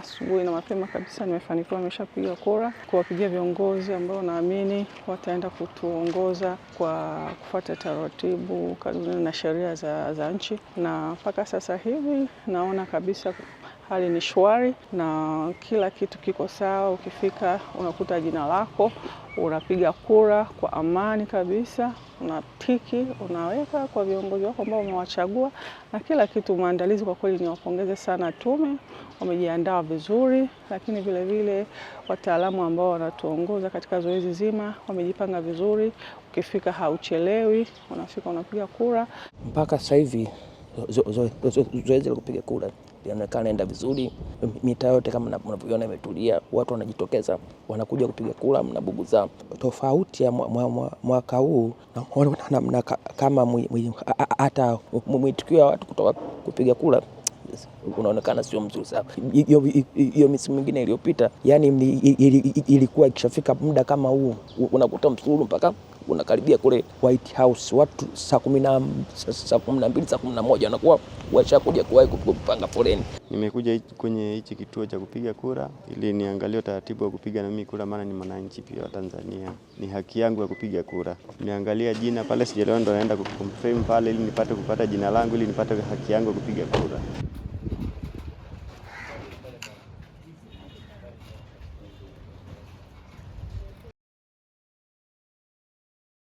asubuhi na mapema kabisa nimefanikiwa, nimeshapiga kura kuwapigia viongozi ambao naamini wataenda kutuongoza kwa kufuata taratibu, kanuni na sheria za, za nchi, na mpaka sasa hivi naona kabisa hali ni shwari na kila kitu kiko sawa. Ukifika unakuta jina lako unapiga kura kwa amani kabisa, unatiki, unaweka kwa viongozi wako ambao umewachagua na kila kitu. Maandalizi kwa kweli, niwapongeze sana tume, wamejiandaa vizuri, lakini vile vile wataalamu ambao wanatuongoza katika zoezi zima wamejipanga vizuri. Ukifika hauchelewi, unafika unapiga kura. Mpaka sasa hivi zoezi la kupiga kura inaonekana inaenda vizuri, mitaa yote kama mnavyoona imetulia, watu wanajitokeza, wanakuja kupiga kura, mnabuguza. Tofauti ya mwaka huu namna kama hata mwitikio ya watu kutoka kupiga kura unaonekana sio mzuri sana. Hiyo misimu mingine iliyopita, yani ilikuwa ikishafika muda kama huu unakuta msururu mpaka unakaribia kule White House, watu saa kumi na mbili saa kumi na moja wanakuwa washakuja kuwahi kupanga foleni. Nimekuja kwenye hichi kituo cha kupiga kura ili niangalie utaratibu wa kupiga na mimi kura, maana ni mwananchi pia wa Tanzania, ni haki yangu ya kupiga kura. Niangalia jina pale, sijaelewa, ndo naenda kuconfirm pale ili nipate kupata jina langu ili nipate haki yangu ya kupiga kura.